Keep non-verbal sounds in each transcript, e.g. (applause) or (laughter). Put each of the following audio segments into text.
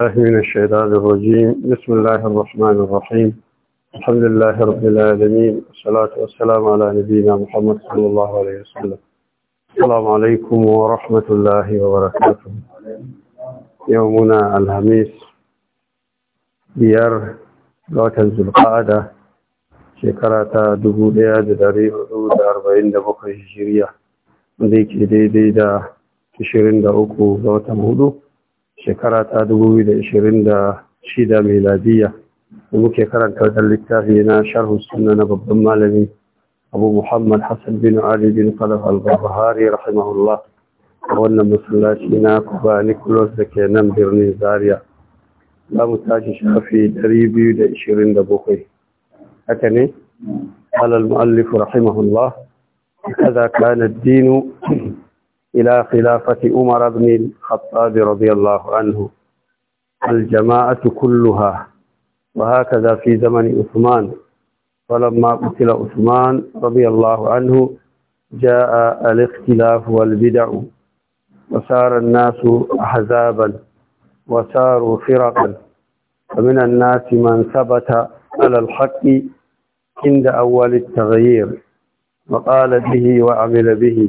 من الشيطان الرجيم بسم الله الرحمن الرحيم الحمد لله رب العالمين والصلاة والسلام على نبينا محمد صلى الله عليه وسلم السلام عليكم ورحمة الله وبركاته يومنا الخميس بيار لوتن ذو القعدة شكرا تا دبو ديا دري حدود أربعين دبقى هجرية ديكي دي دي دا دا اوكو لوتن هدو shekara ta 2026 miladiya da muke karanta da littafi na sharhu suna na babban malami abu muhammad hassan bin ali bin qalaf al-bahari rahimahullah wannan masallaci na kuba nicholas da ke nan birnin zaria za mu tashi shafi 227 haka ne alal mu'allifu rahimahullah kaza kana dinu (clears throat) إلى خلافة عمر بن الخطاب رضي الله عنه الجماعة كلها وهكذا في زمن عثمان فلما قتل عثمان رضي الله عنه جاء الاختلاف والبدع وصار الناس أحزابا وصاروا فرقا فمن الناس من ثبت على الحق عند أول التغيير وقال به وعمل به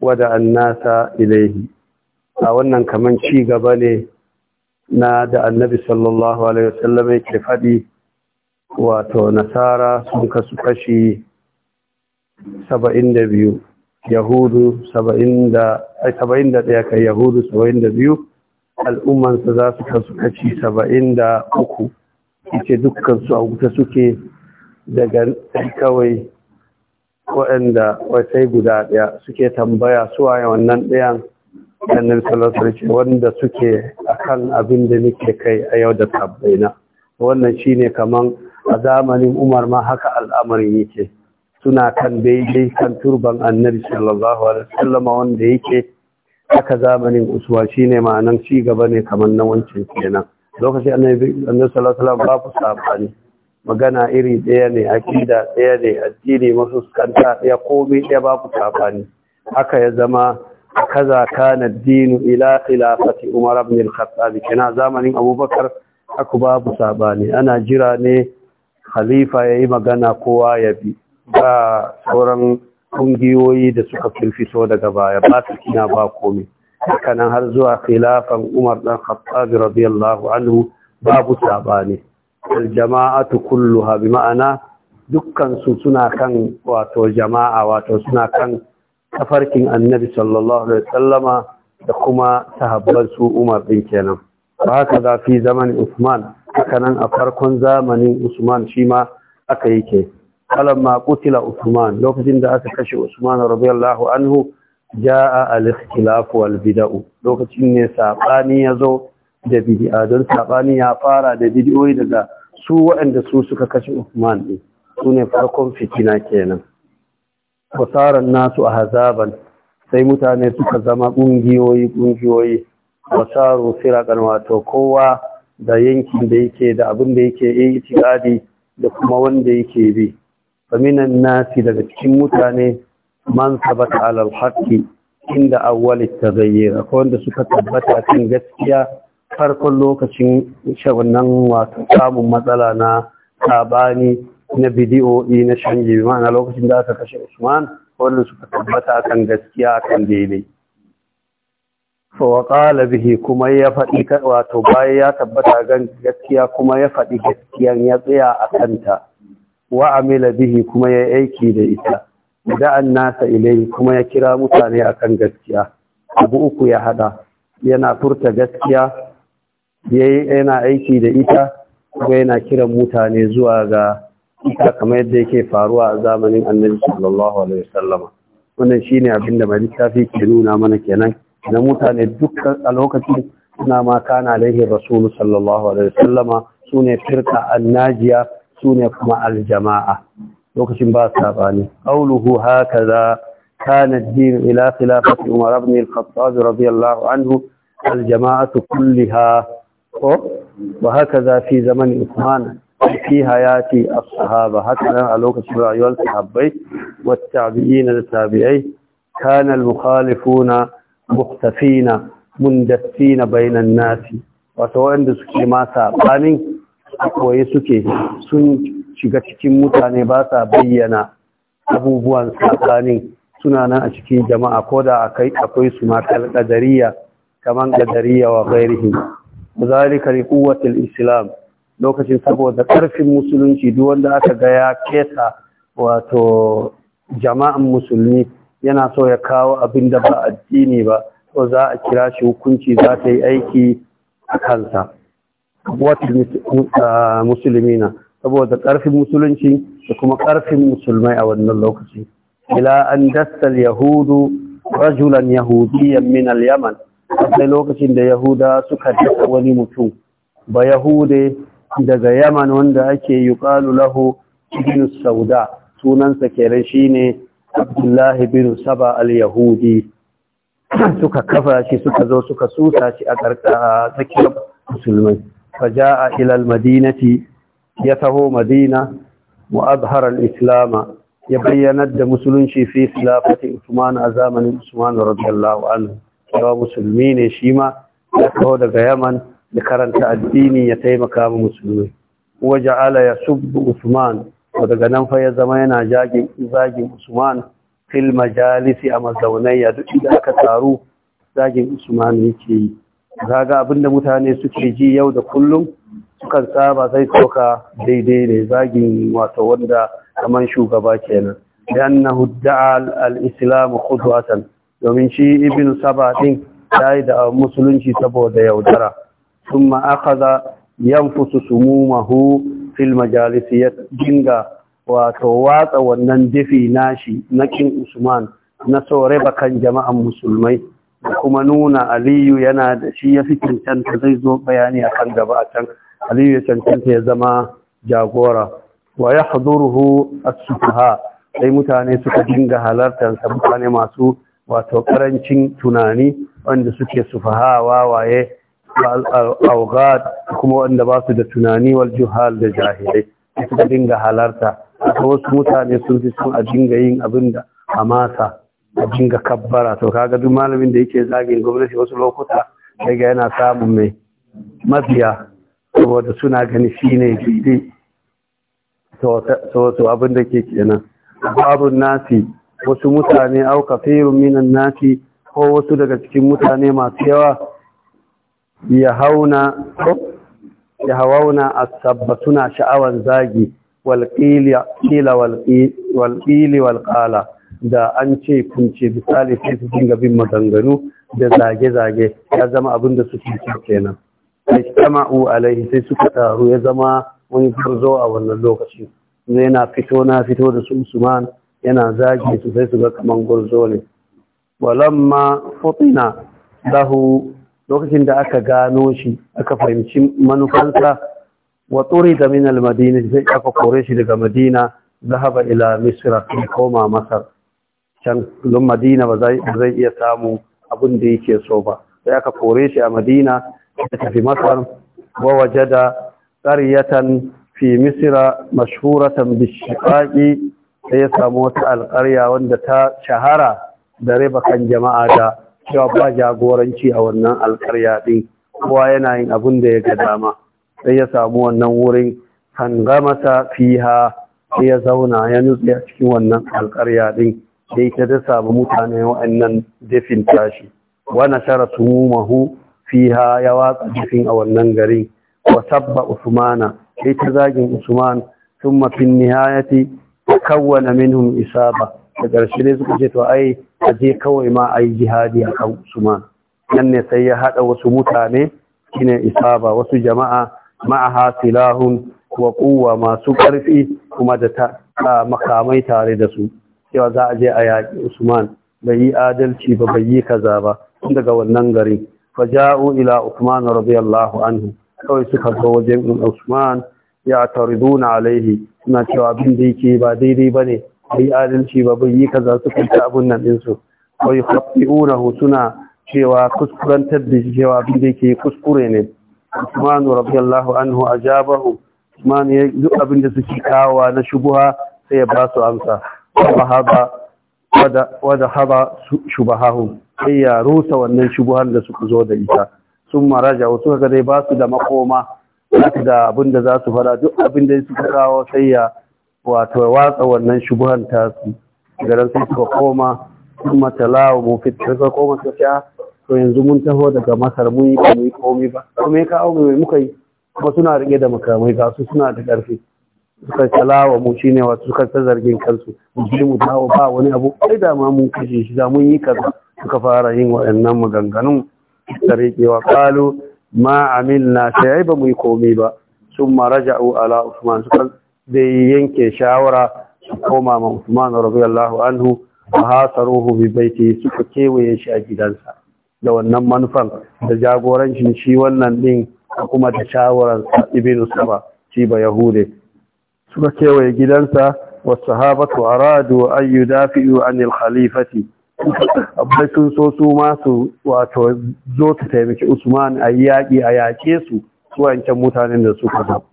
wada nasa ilaihi a wannan kaman ci gaba ne na da annabi sallallahu alaihi wasallam yake faɗi wato nasara sun kasu kashi saba'in da biyu yahudu saba'in da ɗaya kai yahudu saba'in da biyu al'ummansa za su kasu kashi saba'in da uku ita dukkansu a wuta suke daga kawai waɗanda wasai guda ɗaya suke tambaya suwaye wannan ɗayan ɗanin sallallahu ce wanda suke akan abin da nike kai a yau da tabbaina wannan shi ne kaman a zamanin Umar ma haka al'amarin yake suna kan daidai kan turban annabi sallallahu alaihi wasallam wanda yake haka zamanin uswa shine ma'anan ci gaba ne kaman na wancan kenan lokacin annabi sallallahu alaihi wasallam babu sabani magana iri ɗaya ne akida ɗaya ne addini masuskanta ɗaya komai ɗaya babu tafani haka ya zama kaza kana dinu ila khilafati umar ibn al-khattab kana zamanin abubakar aku babu sabani ana jira ne khalifa yayi magana kowa ya bi ba sauran ƙungiyoyi da suka firfito daga baya ba su kina ba komai hakanan har zuwa khilafan umar dan khattab radiyallahu anhu babu sabani aljama'atu kulluha bi ma'ana dukkan su suna kan wato jama'a wato suna kan tafarkin annabi sallallahu alaihi wasallama da kuma sahabban su Umar din kenan ba haka zafi fi zaman Usman haka nan a farkon zamanin Usman shi ma aka yi ke ma qutila Usman lokacin da aka kashe Usman radiyallahu anhu ja'a al-ikhtilaf wal bid'u lokacin ne sabani yazo da don sabani ya fara da bidiyoyi daga su waɗanda su suka kashe Uthman ɗin su ne farkon fitina kenan wasaran nasu a hazaban sai mutane suka zama ƙungiyoyi ƙungiyoyi wasaru firakan wato kowa da yankin da yake da abin da yake yi itikadi da kuma wanda yake bi faminan nasi daga cikin mutane man sabata alal haqqi inda awwal ta taghayyur akwai wanda suka tabbata cin gaskiya farkon lokacin shagunan wato samun matsala na sabani na bidiyo na shanje ma'ana lokacin da aka kashe usman wanda suka tabbata akan gaskiya akan daidai fawaƙala bihi kuma ya faɗi wato bayan ya tabbata gan gaskiya kuma ya faɗi gaskiyan ya tsaya a kanta wa amila bihi kuma ya aiki da ita da'an nasa ilai kuma ya kira mutane akan gaskiya abu uku ya hada yana furta gaskiya yana aiki da ita kuma yana kiran mutane zuwa ga ita kamar yadda yake faruwa a zamanin annabi sallallahu alaihi wasallama wannan shine abin da mai littafi ke nuna mana kenan na mutane dukkan a lokacin suna ma kana alaihi rasulu sallallahu alaihi wasallama sune firka annajiya sune kuma aljama'a lokacin ba sabani qauluhu hakaza كان الدين إلى خلافة عمر بن الخطاب رضي الله عنه الجماعة كلها ko ba haka za fi zaman Usman fi hayati as-sahaba haka nan a lokacin rayuwar sahabbai wa tabi'ina da tabi'ai kana al-mukhalifuna muhtafina mundaffina bainan nasi wato wanda suke ma sabanin koyi suke sun shiga cikin mutane ba sa bayyana abubuwan sabanin suna nan a cikin jama'a ko da akwai su ma kalkadariya kaman kadariya wa ghairihim zalika li quwwatil islam lokacin saboda karfin musulunci duk wanda aka ga ya kesa wato jama'an musulmi yana so ya kawo abin da ba addini ba to za a kira shi hukunci za ta yi aiki a kansa quwwatil uh, muslimina saboda karfin musulunci da kuma karfin musulmai a wannan lokaci ila an dasta yahudu rajulan yahudiyan min al-yaman sai lokacin da yahuda suka dasa wani mutum ba yahude daga yaman wanda ake yuqalu lahu ibn sauda sunansa kenan shine abdullahi bin saba al-yahudi (clears throat) suka kafa shi suka zo suka susa shi a tsakiyar musulmai faja'a a al-madinati ya taho madina mu'azhar al-islam ya bayyanar da musulunci fi khilafati usman a zamanin usman radiyallahu anhu cewa musulmi ne shi ma ya kawo daga yaman da karanta addini ya taimaka wa musulmi waje ala ya subu usman to daga nan fa ya zama yana zagin usman fil majalisi a mazaunai ya duk da aka taru zagin usman yake yi kaga abinda mutane suke ji yau da kullum sukan saba sai soka daidai ne zagin wato wanda kamar shugaba kenan لأنه ادعى الإسلام خطوة domin shi ibn saba din yi da musulunci saboda yaudara thumma akhadha yanfusu sumumahu fil ya dinga wato watsa wannan dafi nashi na kin usman na sore bakan jama'an musulmai kuma nuna aliyu yana da shi ya fi cancanta zai zo bayani a kan gaba a can aliyu ya cancanta ya zama jagora wa ya hu a ha? sai mutane suka dinga halartarsa mutane masu wato karancin tunani wanda suke sufaha wawaye al'aughad kuma wanda ba su da tunani wal juhal da jahilai suka dinga halarta a wasu mutane sun fi sun a dinga yin abin da hamasa a dinga kabbara to kaga duk malamin da yake zagin gwamnati wasu lokuta ga yana samun mai mabiya saboda suna gani shine, ne gidi to wasu abin da ke kenan babun nasi wasu mutane au kafirun minan nasi ko wasu daga cikin mutane masu yawa ya hauna ya hawauna asabba suna sha'awan zagi walƙili walƙala da an ce kunce misali sai su dinga bin maganganu da zage-zage ya zama abin da suke ce kenan sai u alaihi sai suka taru ya zama wani gurzo a wannan lokaci yana fito na fito da su usman yana zagi su sai su ga kaman gurzo ne walamma futina lahu lokacin da aka gano shi aka fahimci manufansa wa da min al-madina sai aka kore shi daga madina zahaba ila misira, ko koma masar can lum madina ba zai iya samu abin da yake so ba sai aka kore shi a madina ya tafi masar wa wajada qaryatan fi misra mashhuratan bi-shiqaqi sai ya samu wata alƙarya wanda ta shahara da riba kan jama'a da cewa ba jagoranci a wannan alƙarya ɗin kowa yana yin abin da ya ga dama sai ya samu wannan wurin hangamata fiha sai ya zauna ya nutse a cikin wannan alƙarya ɗin da ita ta samu mutane wa'annan dafin tashi wani shara tumumahu fiha ya watsa jefin a wannan garin wa sabba usmana sai ta zagin usman sun mafi nihayati kawwana minhum isaba da ƙarshe ne suka ce to ai a je kawai ma a yi jihadi a kan Usman nan ne sai ya haɗa wasu mutane shine isaba wasu jama'a ma'aha silahun wa kuwa masu ƙarfi kuma da ta makamai tare da su cewa za a je a yaƙi Usman bai yi adalci ba bai yi kaza ba tun daga wannan gari fa ja'u ila Usman radiyallahu anhu kawai suka zo wajen Usman ya tariduna alaihi suna cewa abin da yake ba daidai bane ai adalci ba bai yi kaza su kanta abun nan din su wai khafi'unahu suna cewa kuskurantar da shi cewa abin da yake kuskure ne Usman radiyallahu anhu ajabahu Usman ya duk abin da suke kawowa na shubuha sai ya ba su amsa wahaba wada haba shubahahu sai ya rusa wannan shubuhan da suka zo da ita sun maraja wasu ga dai ba su da makoma zaka da abin da za su fara duk abin da suka kawo sai ya wato watsa wannan shubuhan tasu garan sai suka koma sun lawo mu fit suka koma su sha ah, to yanzu mun taho daga masar mun yi ba mu yi komai ba me ka auge mai muka yi kuma suna rike da makamai ga su suna da ƙarfi suka talawa mu shine wato suka ta zargin kansu mu je mu dawo ba wani abu ai da ma mun kashe shi da mun yi kaza suka fara yin waɗannan maganganun da rikewa kalu ma na sai ba mu yi komai ba sun maraja'u ala usman suka dai yanke shawara su koma ma usman radiyallahu anhu wa hasaruhu bi baiti suka kewaye shi a gidansa da wannan manufan da jagorancin shi wannan din kuma da shawarar ibnu saba shi ba yahude suka kewaye gidansa wa sahabatu aradu an yudafi'u anil khalifati abai so su ma su wato zo su taimaki usman a yaƙi a yaƙe su su wancan mutanen da suka zo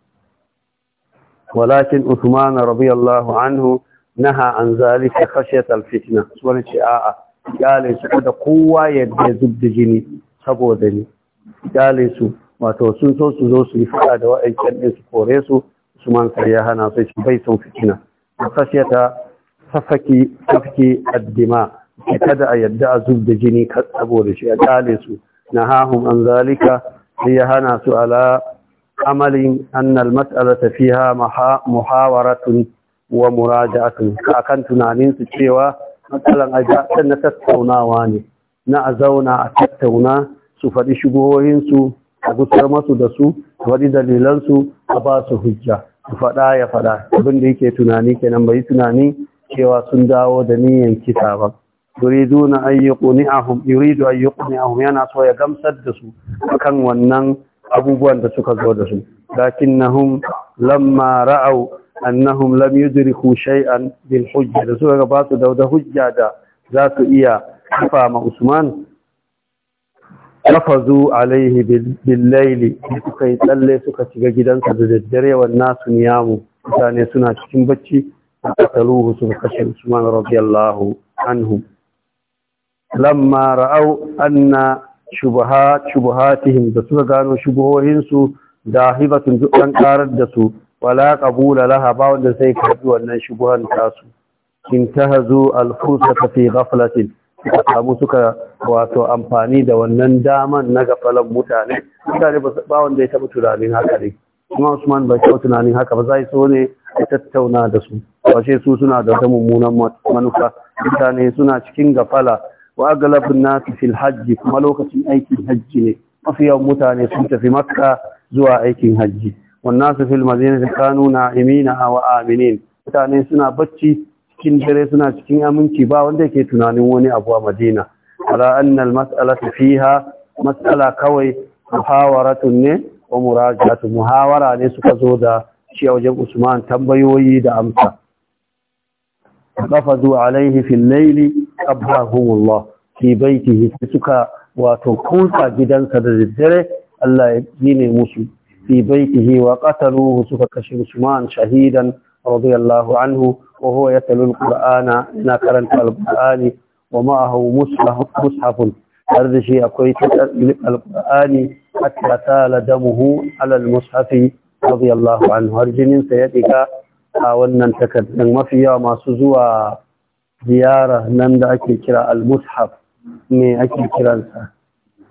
walakin usman radiyallahu anhu naha an zalika khashyat su wani ce a'a kyale su kada kowa ya zub da jini saboda ni kyale su wato sun so su zo su yi fada da wa'ancan ɗin su kore su usman sai ya hana su bai son fitina khashyata safaki safki addima kada a yadda a zub da jini saboda shi a kyale su na hahun an zalika sai ya hana su ala amalin annal mas'alata ha muhawaratun wa muraja'atun akan tunanin su cewa matsalan aja na tattaunawa ne na a zauna a tattauna su faɗi shigohoyinsu a gusar masu da su a faɗi dalilansu a ba su hujja su faɗa ya faɗa abin da yake tunani kenan bai tunani cewa sun dawo da niyan kisa ba yuriduna an yuridu ayyukuni yuqni'ahum yana so ya gamsar da su akan wannan abubuwan da suka zo da su lakinnahum lamma ra'au, annahum lam yudriku shay'an bil hujja da suka ga ba su da hujja da za su iya kafa ma Usman kafazu alaihi bil da suka yi tsalle suka shiga gidansa da daddare wannan su niyamu mutane suna cikin bacci a taluhu su kashe Usman radiyallahu anhu lamma ra'au anna shubaha shubuhatihim da suka gano shubohinsu da hibatun duk an karar da su wala qabula laha ba wanda sai karbi wannan shubuhan su. intahazu al-fursata fi ghaflatin suka samu suka wato amfani da wannan daman na gafalan mutane mutane ba wanda ya taɓa tunanin haka ne kuma usman ba kyau tunanin haka ba zai so ne a tattauna da su ba su suna da wata mummunan manufa mutane suna cikin gafala wa aglabun nasu fil hajji kuma lokacin aikin hajji ne mafiyan mutane sun tafi makka zuwa aikin hajji wannan su fil madinati kanu na'imina wa aminin mutane suna bacci cikin dare suna cikin aminci ba wanda yake tunanin wani abu a madina ala anna al mas'alatu fiha mas'ala kawai muhawaratun ne wa murajatu muhawara ne suka zo da shi a wajen usman tambayoyi da amsa qafadu alayhi fi al-layli abahum Allah fi baytihi suka wa tukuta gidansa da dare Allah ya gine musu fi baytihi wa qataluhu suka kashe Usman shahidan radiyallahu anhu wa huwa yatlu al-Qur'ana na karanta al-Qur'ani wa ma'ahu mushaf arzishi akwai tattalin alqur'ani hatta sala damuhu ala almushafi radiyallahu anhu arjinin sayyidika a wannan takardun mafi yawa masu zuwa ziyara nan da ake kira al-mushaf ne ake kiransa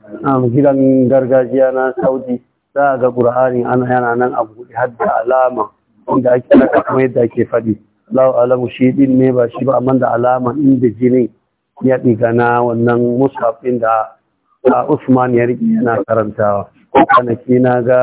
A gidan gargajiya na saudi za ga qur'ani ana yana nan a buɗe har da alama inda ake naka kuma yadda ake faɗi lau alamu shi din ne ba shi ba amma da alama inda jini ya ɗiga na wannan mushaf ɗin da Usman ya riƙe yana karantawa kwanaki na ga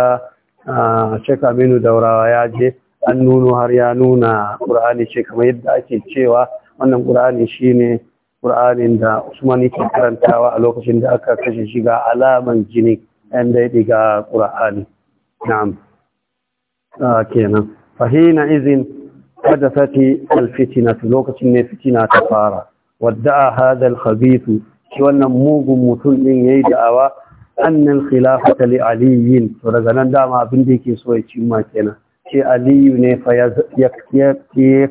a Aminu Daurawa ya je an nuno har ya nuna ƙur'ani ce kamar yadda ake cewa wannan ƙur'ani shine ƙur'anin da Usman yake karantawa a lokacin da aka kashe shi ga alaman jini ɗan da ya diga ƙur'ani na'am kenan fahina izin hadasati alfitina lokacin ne fitina ta fara Wadda a hadha alkhabith shi wannan mugun mutum ɗin ya yi da'awa annan khilafata li aliyin to daga nan dama abin da yake so ya cimma kenan ce aliyu ne fa ya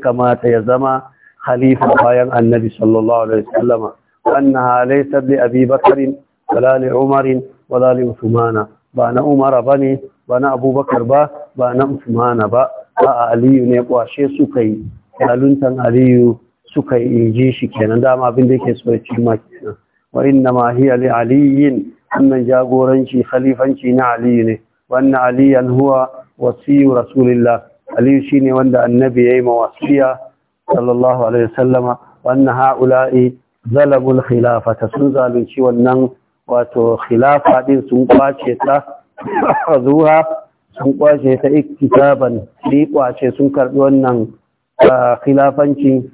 kamata ya zama halifa bayan annabi sallallahu alaihi sallama. annaha halai li abi bakr wala li umar wala ba na umar ne, ba na abubakar ba ba na usman ba a aliyu ne kwashe suka yi aliyu sukai yi inji shi kenan dama abin da yake so ya ci kenan wa inna ma hiya li aliyin annan jagoranci khalifanci na aliyu ne wanda aliyan huwa wasiyu rasulillah aliyu shine wanda annabi ya yi mawasiya sallallahu alaihi wasallama wanda ha'ula'i zalabul khilafa ta sun zalunci wannan wato khilafa din sun kwace ta zuwa sun kwace ta ikkitaban sai kwace sun karbi wannan khilafancin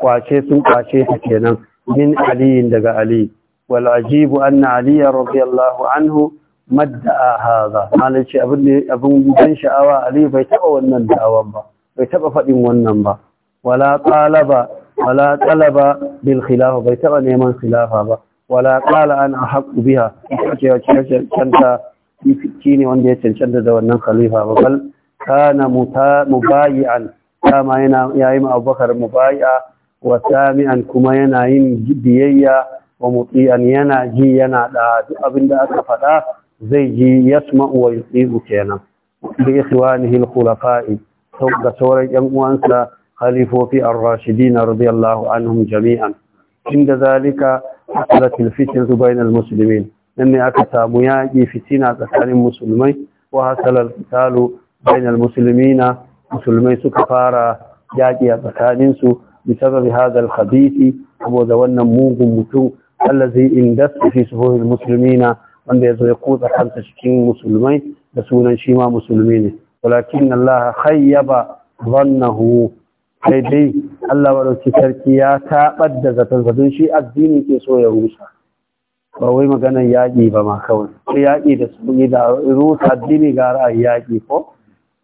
kwace sun kwace ta kenan min aliyin daga Aliyu. wal ajibu anna aliya radiyallahu anhu madda haza malam ce abin da ban sha'awa ali bai taba wannan da'awan ba bai taba fadin wannan ba wala ba wala bil khilafa bai taba neman khilafa ba wala qala an biya. biha ce canta shi ne wanda ya cancanta da wannan khalifa ba bal kana mubayi'an dama yana yayi ma Abubakar mubayi'a wa sami'an kuma yana yin biyayya wa muti'an yana ji yana da duk abin da aka faɗa زي يسمع ويصيب كينا بإخوانه الخلفاء ثم سورة أموانسا خليفو الراشدين رضي الله عنهم جميعا عند ذلك حصلت الفتنة بين المسلمين لما مياجي في سنة عن المسلمين وحصل القتال بين المسلمين مسلمين كفارا يأتي أتكانس بسبب هذا الخبيث أبو ذوانا موغ الذي اندس في صفوف المسلمين wanda ya zo ya kutsa kansa cikin musulmai da sunan shi ma musulmi ne walakin Allah khayyaba hu sai dai Allah madauki sarki ya tabar da zaton zaton shi addini ke so ya rusa ba wai magana yaƙi ba ma kawai sai yaƙi da su da rusa addini gara a yaƙi ko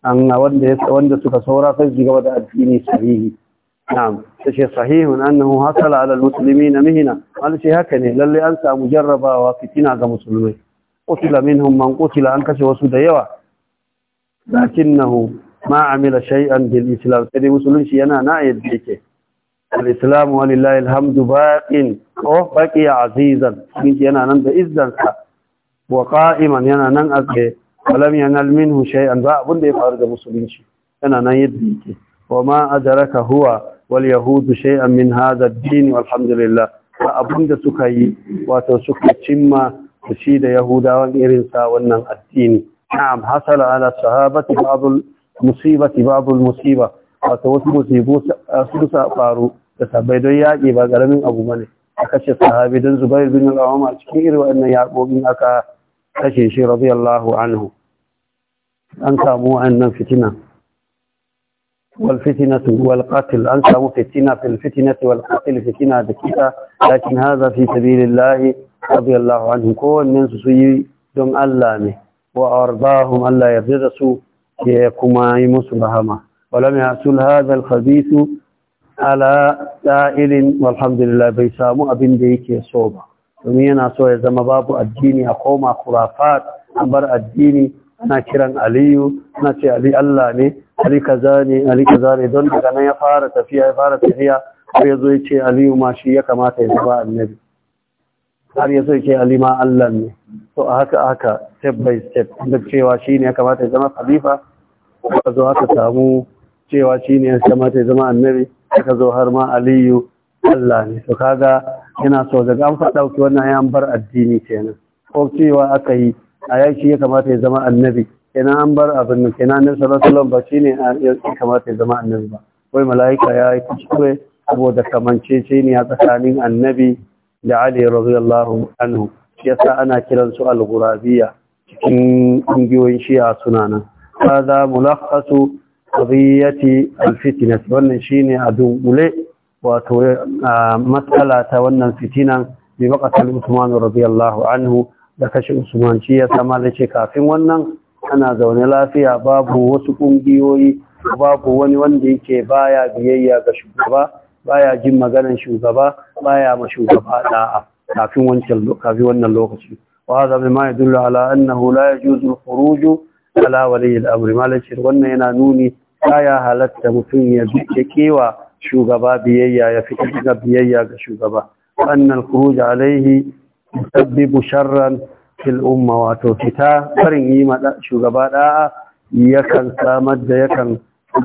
an wanda suka saura sai su gaba da addini sahihi na'am tace sahihun annahu hasala ala almuslimina mihna wal shi haka ne lallai an samu jarrabawa fitina ga musulmai qutila minhum man qutila an kashe wasu da yawa lakinnahu nahu amila shay'an bil islam sai musulunci yana na yadda yake al islam walillahi alhamdu baqin oh baqi azizan yana nan da izzansa wa qa'iman yana nan azbe ولم ينل منه ba abun da ya faru ga musulunci yana nan yadda yake wa ma adraka huwa wal yahudu shay'an min hadha ad-din walhamdulillah abinda suka yi wato suka cimma da shi da yahudawan irin sa wannan addini na'am hasala ala sahabati ba'd al musiba wato wasu musibu sun sa faru da sabai don yaƙi ba ƙaramin abu bane aka ce sahabi don zubair bin al-awama cikin irin wannan yaƙoƙin aka kashe shi radiyallahu anhu an samu wannan fitinan. والفتنة والقتل أنت فتنة في الفتنة والقتل فتنة دكتة لكن هذا في سبيل الله رضي الله عنه كون من سوي دون الله وأرضاهم الله يبدسوا كما يمسبهما ولم يحصل هذا الخبيث على سائل والحمد لله بيسامو أبن ديك صوبة ومن ينا سوى زمباب الديني أقوم خرافات أمر الديني ana kiran aliyu na ce ali Allah ne ali kaza ne ali kaza ne don daga nan ya fara tafiya ya fara tafiya ko ya zo ya ce aliyu ma shi ya kamata ya zama annabi har ya so ya ce ali ma Allah ne so a haka haka step by step da cewa shi ne ya kamata ya zama khalifa ka zo haka samu cewa shi ne ya kamata ya zama annabi ka zo har ma aliyu Allah ne to kaga yana so daga an faɗa wannan ya bar addini kenan ko cewa aka yi a yaki ya kamata ya zama annabi kenan an bar abin nan kenan annabi sallallahu alaihi ba shine ya kamata ya zama annabi ba wai malaika ya yi kuskure saboda kamanceceniya tsakanin annabi da Ali radiyallahu anhu yasa ana kiran su al-ghurabiyya cikin ƙungiyoyin shi'a suna nan hada mulakhasu qadiyati al-fitnah wannan shine a dunkule wato matsala ta wannan fitinan bi baqatal Uthman radiyallahu anhu da kashe usman ya sama da ce kafin wannan ana zaune lafiya babu wasu ƙungiyoyi babu wani wanda yake baya biyayya ga shugaba baya jin maganar shugaba baya ma shugaba da'a kafin wancan kafin wannan lokaci wa hadha bima yadullu ala annahu la yajuzu al ala wali al-amr malakin wannan yana nuni baya halatta mutum ya bi kewa shugaba biyayya ya fita daga biyayya ga shugaba annal khuruj alaihi musabbibu sharran fil umma wato fita farin yi ma shugaba da'a yakan samar da yakan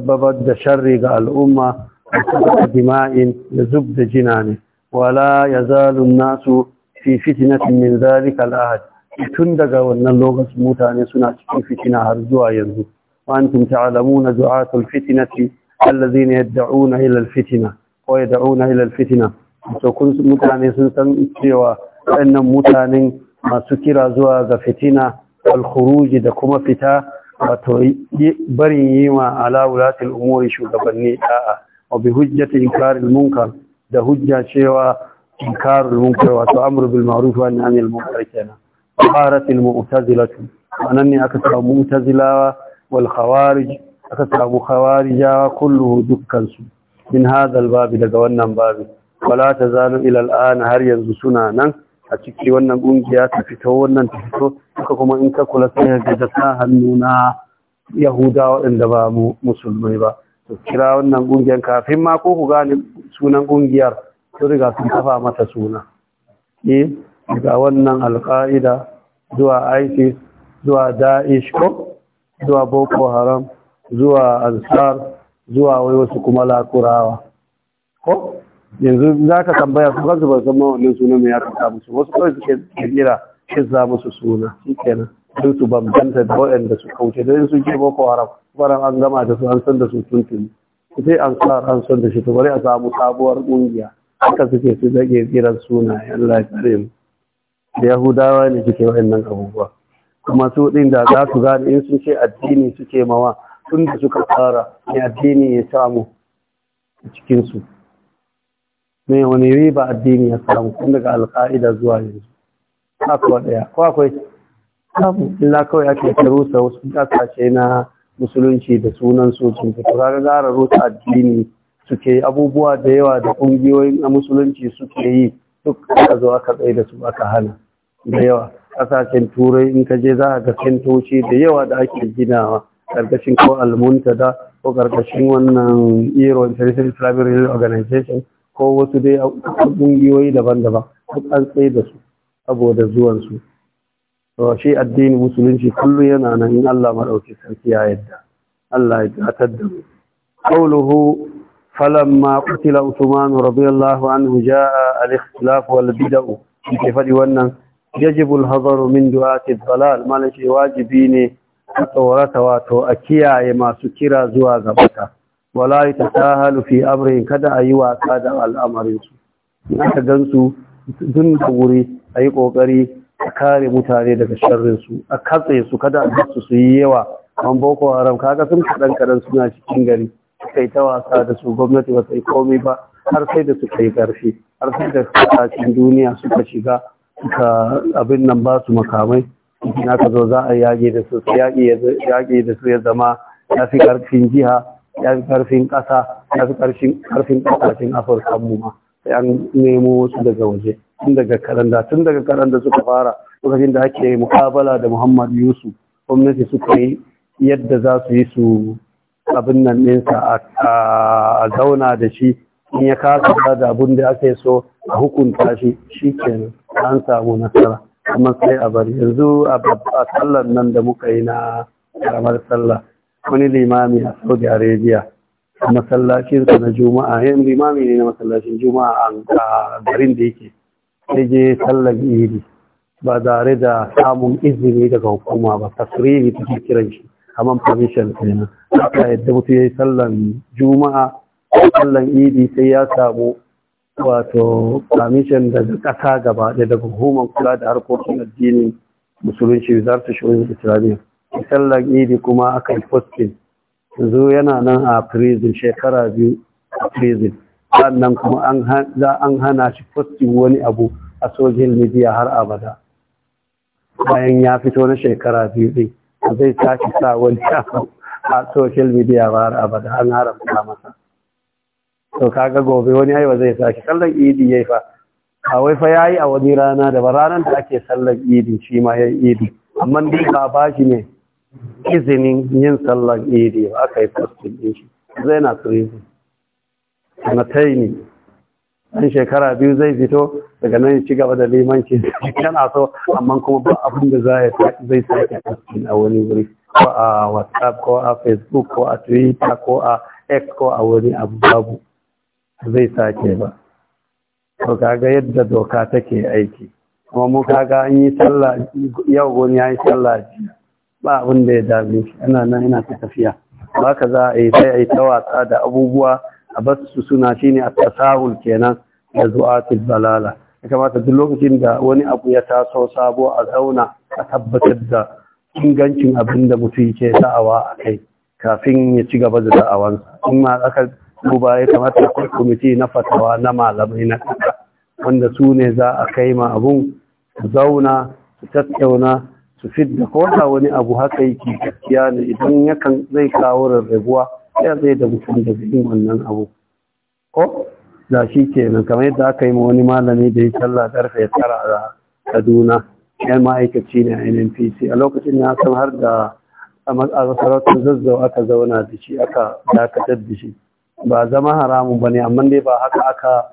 babar da sharri ga al'umma da dima'in da zub da jina ne wala zalun nasu fi fitnatin min zalika al'ahad tun daga wannan lokacin mutane suna cikin fitina har zuwa yanzu wa antum ta'lamuna du'atul fitnati allazina yad'una ila al-fitna wa yad'una ila al-fitna to kun mutane sun san cewa waɗannan mutanen masu kira zuwa ga fitina alkhuruji da kuma fita wato barin yi ma ala wulatul umuri shugabanni A'a, wa bi hujjati inkaril munkar da hujja cewa inkarul munkar wato amru bil ma'ruf wa nahyi anil munkar kenan qaratil mu'tazilatu anan ne aka samu mu'tazilawa wal khawarij aka samu khawarijawa kulluhu dukkan su min hadha al daga wannan babi wala tazalu ila al har yanzu suna nan a ciki wannan ƙungiya ta fito wannan ta fito haka kuma in ka kula sai ga da sa hannu na yahudawa waɗanda ba musulmai ba to kira wannan ƙungiyar kafin ma ko ku gane sunan ƙungiyar sun riga sun kafa mata suna eh daga wannan alƙa'ida zuwa isis zuwa da'ish ko zuwa boko haram zuwa ansar zuwa wai wasu kuma lakurawa ko yanzu za ka tambaya su kansu ba san wannan sunan mai aka samu su wasu kawai suke kira shi za musu suna shi kenan don su bambanta da waɗanda su kauce don su ke boko haram baran an gama da su an san da su tuntuni sai an sa an san da shi to bari a samu sabuwar ƙungiya haka suke su zage kiran suna, Allah ya da yahudawa ne suke waɗannan abubuwa kuma su ɗin da za su gane in sun ce addini suke mawa tun da suka tsara ne addini ya samu A cikinsu mai wani riba addini ya samu tun daga alƙa'ida zuwa yanzu akwai ɗaya ko akwai samu illa kawai ake ta rusa wasu ƙasashe na musulunci da sunan sojin ta kaga gara rusa addini suke abubuwa da yawa da ƙungiyoyin na musulunci suke yi duk aka zo aka tsaye da su aka hana da yawa ƙasashen turai in ka je za a ga kentoci da yawa da ake ginawa ƙarƙashin ko almuntada ko ƙarƙashin wannan iron islamic organization ko wasu dai ƙungiyoyi daban-daban duk an tsaye da su saboda zuwansu to shi addini musulunci kullu yana nan in Allah maɗauki sarki ya yadda Allah ya gatar da mu qawluhu falamma qutila usman radiyallahu anhu jaa al-ikhtilaf wal bid'u ke faɗi wannan yajibu al-hadaru min du'ati ad-dalal malaki wajibi ne a tsorata wato a kiyaye masu kira zuwa gabata. wala ta tahalu fi amurin kada a yi wasa da al'amarinsu ta gansu tun da wuri a yi ƙoƙari a kare mutane daga sharrinsu a katse su kada a su su yi yawa an boko haram kaga sun kaɗan kaɗan suna cikin gari suka yi ta wasa da su gwamnati ba sai komai ba har sai da suka yi ƙarfi har sai da kasashen duniya suka shiga suka abin nan ba su makamai na ka zo za a yaƙi da su da su ya zama ya fi ƙarfin jiha ya fi karfin ƙasa ya fi karfin ƙasashen afirka mu ma sai an nemo su daga waje tun daga karanda tun daga karanda suka fara lokacin da ake mukabala da muhammad yusuf gwamnati suka yi yadda za su yi su abin nan ɗinsa a zauna da shi in ya kasa da abin da ake so a hukunta shi shi ke an samu nasara kuma sai a bari yanzu a sallan nan da muka yi na karamar sallah wani limami a saudi arabia a masallacinsa na juma'a yan limami ne na masallacin juma'a a garin da yake sai je sallar iri ba tare da samun izini daga hukuma ba tasiri ta kiran shi kaman permission ta haka yadda mutu ya yi sallar juma'a sallar idi sai ya samu wato permission daga ƙasa gaba da daga hukumar kula da harkokin addinin musulunci wizarta shirin islamiyya sallar idi kuma aka yi posting yanzu yana nan a prison shekara biyu a prison sannan kuma an hana shi posting wani abu a sojin libya har abada bayan ya fito na shekara biyu ɗin zai sake sa wani abu a social media ba har abada an haramta masa to kaga gobe wani aiwa zai sake sallar idi ya yi fa a wai fa yi a wani rana da ba ranar da ake sallar idi shi ma yi idi amma dai ba ba shi ne izinin yin sallar idi ba aka yi fasfin ɗin shi zai na turizm Na ne ɗan shekara biyu zai fito daga nan ci gaba da limanci yana so amma kuma ba abin da za zai sake fasfin a wani wuri ko a whatsapp ko a facebook ko a twitter ko a x ko a wani abu babu zai sake ba to kaga yadda doka take aiki kuma mu kaga an yi sallah yau wani ya yi sallah jiya ba abin da ya dame shi ana nan ina ta tafiya ba ka za a yi sai a yi ta wasa da abubuwa a basu suna shi ne a tasahul kenan da zuwa balala ya kamata duk lokacin da wani abu ya taso sabo a zauna a tabbatar da ingancin abin da mutum ke sa'awa a kai kafin ya ci gaba da sa'awansa in ma aka duba ya kamata akwai kwamiti na fatawa na malamai na kasa wanda su ne za a kai ma abun zauna su tattauna su da ko da wani abu haka yake gaskiya ne idan yakan zai kawo rarrabuwa ya zai da mutum da zai wannan abu ko da shi ke nan, kamar yadda aka yi ma wani malami da ya sallah karfe tara a kaduna yan ma'aikaci ne a nnpc a lokacin ya san har da a sarautar zazzau aka zauna da shi aka dakatar da shi ba zama haramun ba ne amma dai ba haka aka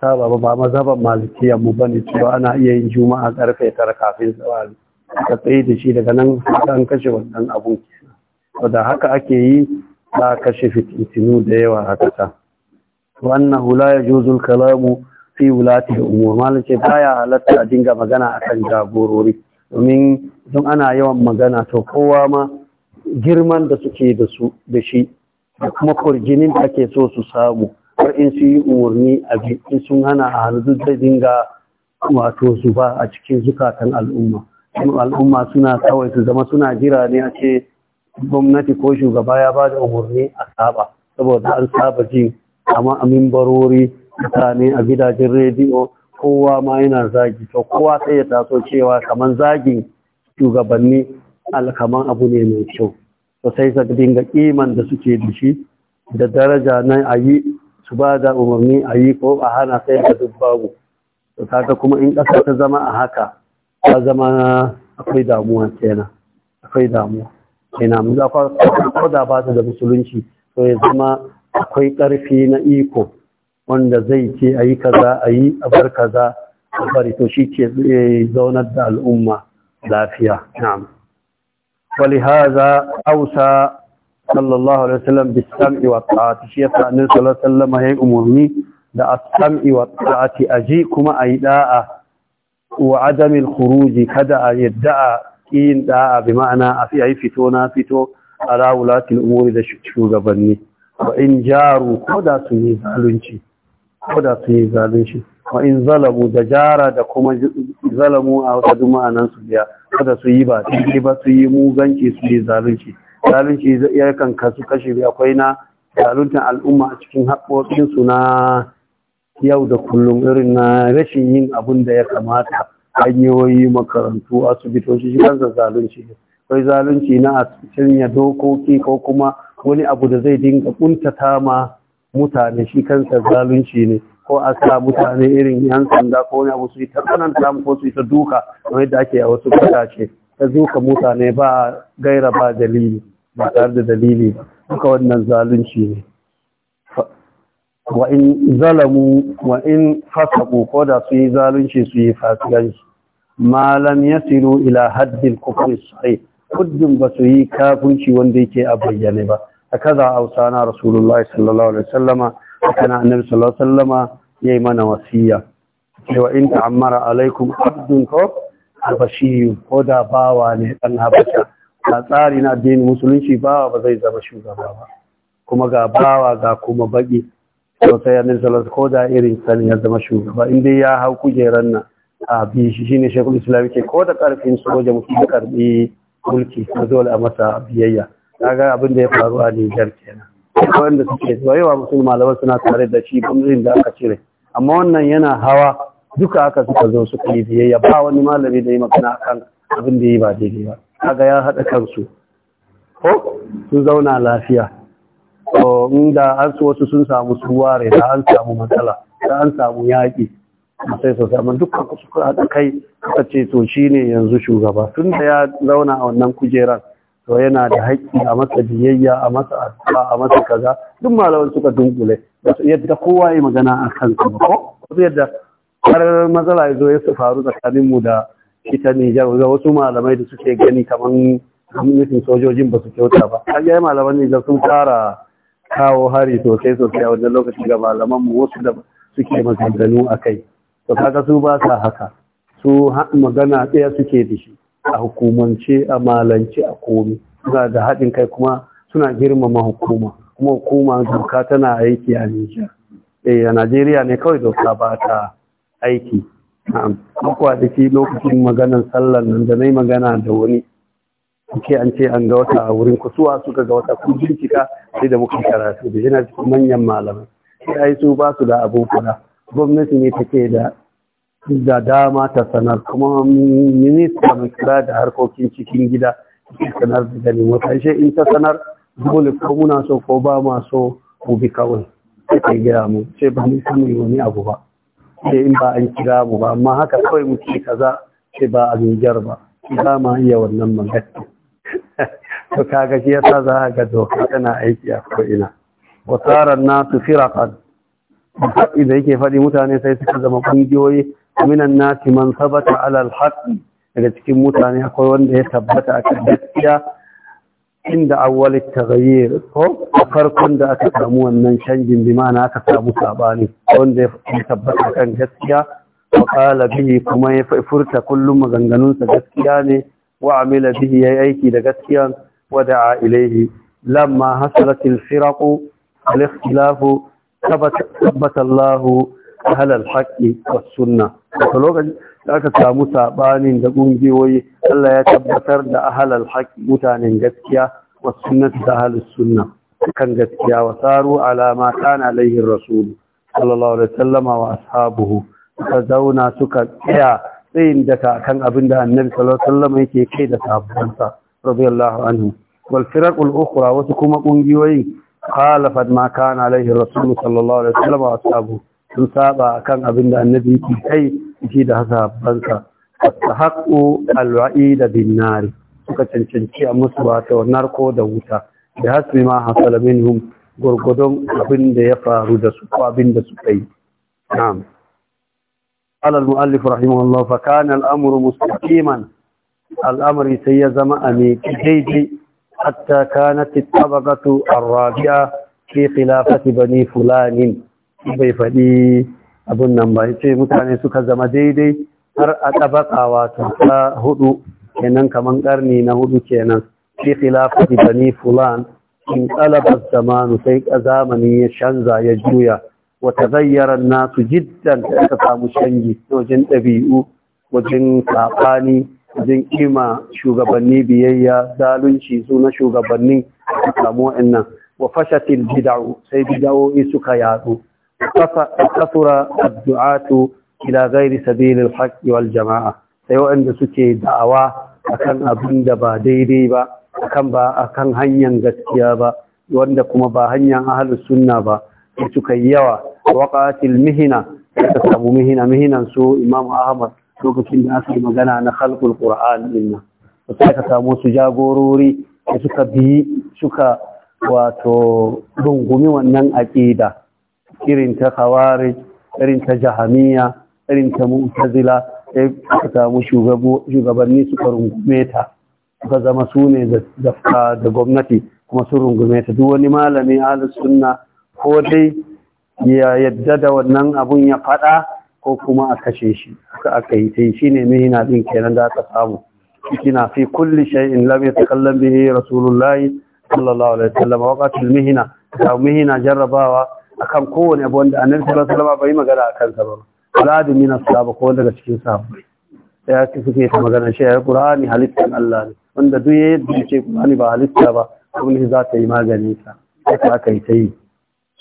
saba ba ba mazaban malikiyar mu ba ne cewa ana iya yin juma'a karfe tara kafin tsawari ka tsaye da shi daga nan an kashe wannan abun da haka ake yi ba kashe fitintinu da yawa haka ta wannan hula ya juzul kalamu fi wulati da umar, malam ce baya halatta a dinga magana akan jagorori domin don ana yawan magana to kowa ma girman da suke da su da shi da kuma kurjinin da ake so su samu har in su yi umarni a in sun hana a hannu dinga wato ba a cikin zukatan al'umma al'umma suna kawai su zama suna jira ne a ce gwamnati ko shugaba ya ba da umarni a saba saboda an saba ji amma a mimbarori mutane a gidajen rediyo kowa ma yana zagi to kowa sai ya taso cewa kamar zagin shugabanni alkaman abu ne mai kyau to sai su dinga kiman da suke da da daraja na a yi su ba da umarni a yi ko a hana sai da duk babu to kaga kuma in ƙasa ta zama a haka ta zama akwai damuwa kenan akwai damuwa kenan mun zakwa ko da ba ta da musulunci to ya zama akwai karfi na iko wanda zai ce a yi kaza a yi a bar kaza a bari to shi ke zaunar da al'umma lafiya na'am ولهذا أوسى صلى الله عليه وسلم بالسمع والطاعة شيخ النبي صلى الله عليه وسلم هي أمرني da asam iwa ta'ati aji kuma a yi da'a wa adamil khuruji kada a yadda a ƙin da'a bi ma'ana a fi yi fito na fito a rawulatul umuri da shugabanni wa in jaru ko da yi zalunci ko da yi zalunci wa in zalamu da jara da kuma zalamu a wata duma'anan su biya kada su yi ba sai ba su yi muganci su yi zalunci zalunci yakan kasu kashi akwai na zaluntar al'umma a cikin haƙoƙinsu na yau da kullum irin na rashin yin abin da ya kamata hanyoyi makarantu asibitoci shi kansa zalunci ne akwai zalunci na a canya dokoki ko kuma wani abu da zai dinga kuntata ma mutane shi kansa zalunci ne ko a sa mutane irin yan sanda ko wani abu su yi ta tsananta ko su yi ta duka kamar yadda ake a wasu kasashe ta duka mutane ba gaira ba dalili ba tare da dalili ba duka wannan zalunci ne wa in zalamu wa in fasaku ko da su yi zalunci su yi fasikanci malam ya siru ila haddin kufur sai kuddin ba su yi kafunci wanda yake a bayyane ba a kaza hausa na rasulullahi sallallahu alaihi wasallama a kana annabi sallallahu alaihi wasallama ya yi mana wasiya cewa in ammara alaikum abdun ko habashiyu ko da bawa ne dan habasha a tsari na addinin musulunci bawa ba zai zama shugaba ba kuma ga bawa ga kuma baki Sosai sai annabi ko da irin sani ya zama shugaba in dai ya hau kujeran nan a bi shi ne shekul islam ke ko da karfin soja mutu da karbi mulki na dole a masa biyayya kaga abin da ya faru a nijar kenan wanda suke zuwa yawa mutum malaman suna tare da shi bamrin da aka cire amma wannan yana hawa duka aka suka zo suka yi biyayya ba wani malami da ya magana kan abin da ya yi ba daidai ba kaga ya haɗa kansu ko sun zauna lafiya inda an su wasu sun samu suware da an samu matsala da an samu yaƙi sai sosai samu dukkan su kuka da kai suka ce to shi ne yanzu shugaba tun da ya zauna a wannan kujerar, to yana da haƙƙi a masa biyayya a masa addu'a a masa kaza duk malaman suka dunkule yadda kowa ya magana a kansa ba ko yadda har matsala ya zo ya su faru tsakanin mu da ita Nijar ga wasu malamai da suke gani kamar gwamnatin sojojin ba su kyauta ba har malamai malaman Nijar sun fara kawo hari sosai sosai a wajen lokaci ga malaman mu wasu da suke maganganu a kai to kaga su ba sa haka su magana ɗaya suke da shi a hukumance a malance a komi suna da haɗin kai kuma suna girmama hukuma kuma hukuma doka tana aiki a Nijar eh a Najeriya ne kawai doka ba ta aiki na'am akwai da lokacin maganar sallar nan da na yi magana da wani kuke an ce an ga wata a wurin kusuwa suka ga wata kun bincika sai da muka karatu da yana cikin manyan malamai sai su ba su da abun kula gwamnati ne take da da dama ta sanar kuma minista mai kula da harkokin cikin gida ke sanar da gani wata in ta sanar dole ko muna so ko ba ma so mu bi kawai sai ta gaya mu sai ba mu wani abu ba sai in ba an kira mu ba amma haka kawai mu ce kaza sai ba a nijar ba ba ma iya wannan magana to kaga shi yasa za a ga doka tana aiki a ko'ina wasarar nasu firakan da yake faɗi mutane sai suka zama ƙungiyoyi minan nasi man sabata alal haƙi daga cikin mutane akwai wanda ya tabbata a kan gaskiya inda awwali taghayyir ko farkon da aka samu wannan canjin bi ma'ana aka samu sabani wanda ya tabbata kan gaskiya wa qala bihi kuma ya furta kullum maganganunsa gaskiya ne wa amila bihi yayi aiki da gaskiya ودعا إليه لما حصلت الفرق الاختلاف ثبت, ثبت الله أهل الحق والسنة فلوكا aka samu saɓanin da ƙungiyoyi Allah ya tabbatar da ahalal haƙ mutanen gaskiya wa sunnati da ahalus sunna kan gaskiya wa saru alama kana alaihi rasulu sallallahu alaihi wasallama wa ashabuhu suka zauna suka tsaya tsayin daka kan abin da annabi sallallahu alaihi wasallama yake kai da sabuwansa radiyallahu anhu wal firaq al ukhra wasu kuma kungiyoyi khalafat ma kana alaihi rasul sallallahu alaihi wasallam wa ashabu sun saba kan abin da annabi yake kai shi da hasabansa fastahaqqu al wa'id bin nar suka cancanci a musu wato narko da wuta da hasbi ma hasala minhum gurgudun abin ya faru da su ko abin da suka yi na'am قال المؤلف رحمه الله فكان الأمر مستقيما al'amari sai ya zama a mai daidai hatta kanati tabaqatu ar-rabi'a fi khilafati bani fulanin bai faɗi abin nan ba ce mutane suka zama daidai har a tabaka wato ta hudu kenan kamar karni na hudu kenan fi khilafati bani fulan in qalaba zamanu sai zamani ya canza ya juya Wata zai an-nasu jiddan ta samu canji wajen ɗabi'u wajen saɓani jin ƙima shugabanni biyayya zalunci su na shugabannin samu wa'annan wa fashatil bid'u sai bid'o'i suka yadu kasura addu'atu ila ghairi sabilil haqqi wal jama'a sai waɗanda suke da'awa akan abin da ba daidai ba akan ba akan hanyar gaskiya ba wanda kuma ba hanyar ahlus sunna ba suka yawa waqatil mihina ta samu mihina mihinan su imam ahmad lokacin da aka yi magana na halkul ƙura'an din nan sai ka samu su jagorori da suka bi suka wato rungumi wannan aƙida irin ta kawari irin ta jahamiya irin ta mu'tazila sai ka samu shugabanni suka rungume ta suka zama su ne da gwamnati kuma sun rungume ta duk wani malami ahlus sunna ko dai ya yadda da wannan abun ya faɗa ko kuma a kashe shi aka aka yi tai shine mihina din kenan da aka samu kina fi kulli shay'in lam yatakallam bihi rasulullah sallallahu alaihi wasallam waqatul mihina ta mihina jarrabawa akan kowane abu wanda annabi sallallahu alaihi wasallam bai magana akan sa ba zadi min ashab ko daga cikin sahabbai ya ci suke ta magana shi ya qur'ani halittan Allah ne wanda duk yayin da ce qur'ani ba halitta ba kuma za ta yi magani ta aka yi ta yi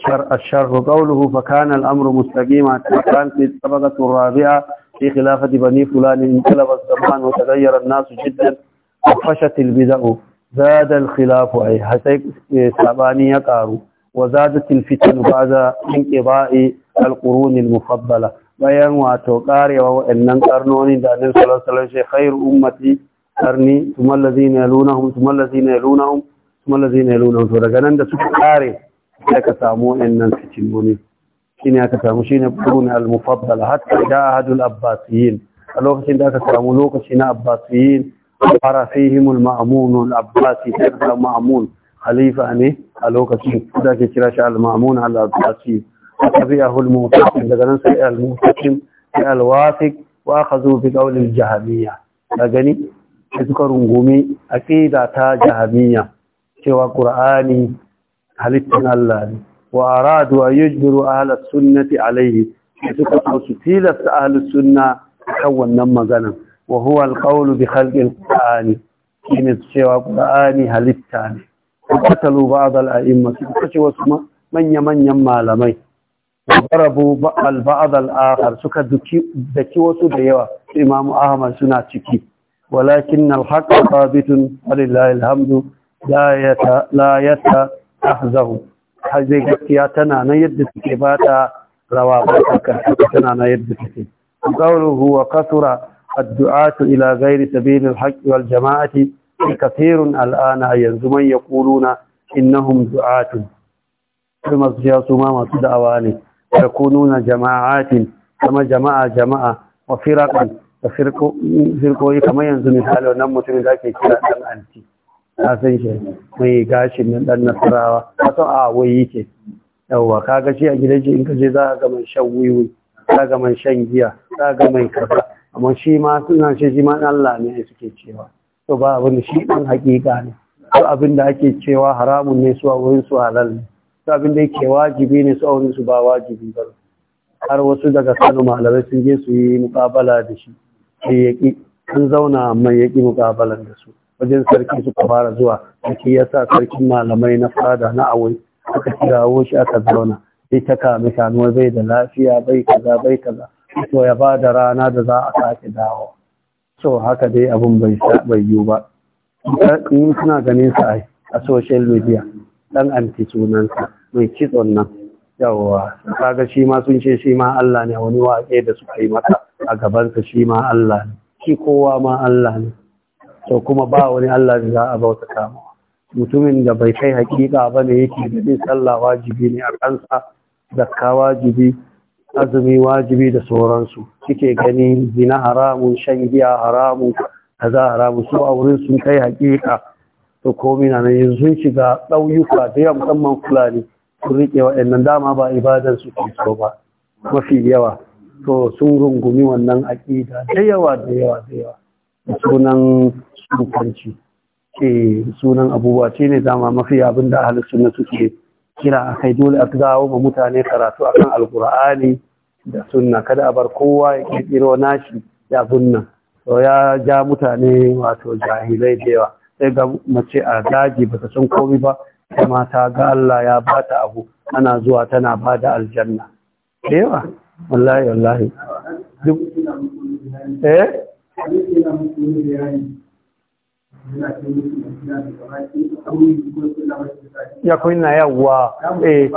شر الشر قوله فكان الأمر مستقيما كان في الطبقة الرابعة في خلافة بني فلان انقلب الزمان وتغير الناس جدا وفشت البدع زاد الخلاف أي حسيك ساباني يقارو وزادت الفتن بعد انقضاء القرون المفضلة بيان واتوكاري وإن قرنوني دانين صلى الله عليه وسلم خير أمتي قرني ثم الذين يلونهم ثم الذين يلونهم ثم الذين يلونهم فدغنن da suka da ka samu waɗannan fitinoni ne aka samu shine qurun al-mufaddal hatta da ahadul abbasiyin a lokacin da aka samu lokaci na abbasiyin fara fihim al-ma'mun al-abbasi sai ma'amun khalifa ne a lokacin da ke kira shi al-ma'mun al-abbasi tabi'ahu al-mu'tasim daga nan sai al-mu'tasim sai al-wafiq wa akhadhu bi qawl al-jahmiyya da gani suka rungumi aqida ta jahmiyya cewa qur'ani halittan Allah ne wa aradu an yujbiru ahlus sunnati alayhi suka su tilasta ahlus sunna kan wannan magana wa huwa alqawlu bi khalqi alqur'ani shine cewa qur'ani halitta ne qatalu ba'd al'imma masu ce wasu manya manyan malamai darabu al-ba'd al-akhar suka duki daki wasu da yawa imamu ahmad suna ciki walakin al-haqq thabitun walillahi alhamdu la yata la yata ahzahu haje gaskiya tana nan yadda take bata rawa ba karkata tana nan yadda suke. qawluhu wa qasura addu'atu ila ghairi sabilil haqq wal jama'ati kathirun al'ana yanzu man yaquluna innahum du'atun kuma ziyar su ma masu da'awa ne da kununa jama'atin kama jama'a jama'a wa firaqan da firko firkoyi kamar yanzu misali wannan mutumin da ake kira dan anti a san shi mai gashin nan dan nasarawa wato a ah, wai yake yawwa kaga shi a gidan shi in ka je za ga mai shan wiwi za ga mai shan giya za ga mai kafa. amma shi ma suna shi shi ma Allah ne suke cewa to ba abin shi dan hakika ne to abin da ake cewa haramun ne su a wurin su halal ne to abin da yake wajibi ne su a wurin su ba wajibi ba har wasu daga Kano malamai sun je su yi muƙabala da shi sai yaki an zauna mai yaki muƙabalan da su wajen sarki suka fara zuwa sarki ya sa sarkin malamai na fada na awai aka kirawo shi aka zauna sai ta kame kanuwa bai da lafiya bai kaza bai kaza to ya ba da rana da za a sake dawo so haka dai abin bai bai yiwu ba in suna ganin sa a social media dan anti sa mai kitson nan yawwa kaga shi ma sun ce shi ma Allah ne wani waƙe da suka yi mata a gaban gabansa shi ma Allah ne shi kowa ma Allah ne to kuma ba wani Allah da za a bauta kama mutumin da bai kai hakika ba ne yake da bin sallah wajibi ne a kansa zakka wajibi azumi wajibi da sauransu kike gani zina haramun shan giya haramun kaza haramun su a wurin sun kai hakika to komai na nan sun shiga ɗauyuka da yawa musamman fulani su riƙe waɗannan dama ba ibadan su ke so ba mafi yawa to sun rungumi wannan aƙida da yawa da yawa da yawa sunan sufanci ke sunan abubuwa ce ne dama mafi abin da ahalus sunna suke kira a kai dole a dawo ma mutane karatu akan alkur'ani da sunna kada a bar kowa ya kirkiro nashi ya bunna to ya ja mutane wato jahilai da yawa sai ga mace a daji ba ta san komai ba kuma ta ga Allah ya ba ta abu ana zuwa tana ba da aljanna da yawa wallahi wallahi eh ya kunna yawwa eh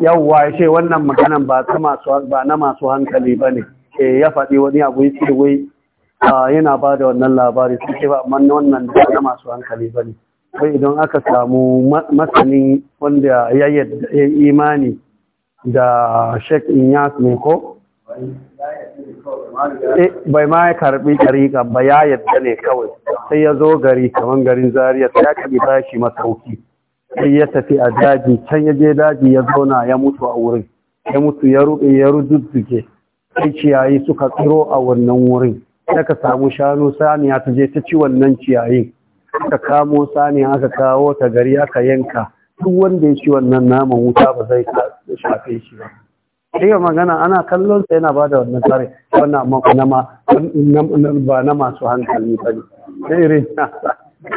yawwa ya ce wannan maganan ba na masu hankali ba ne eh, ya faɗi wani abu ya ce wai yana ba da wannan labari su ce ba amma wannan ba na masu hankali ba ne wai idan aka samu masanin wanda ya yi imani da shek inyas ne ko Eh, bai ma ya karbi ɗarikan ba ya yadda ne kawai sai ya zo gari kamar garin zariya ya ba bashi masauki sai ya tafi a daji can ya je daji ya zauna ya mutu a wurin ya mutu ya rube ya rududduke sai ciyayi suka tsiro a wannan wurin ka samu shanu saniya ta je ta ci wannan ciyayin aka kamo saniya aka kawo ta gari aka yanka duk wanda ya ci wannan naman wuta ba zai shafe shi ba iya magana ana kallon sa yana bada wannan tsari wannan amma kuma ma ba na masu hankali ba ne sai irin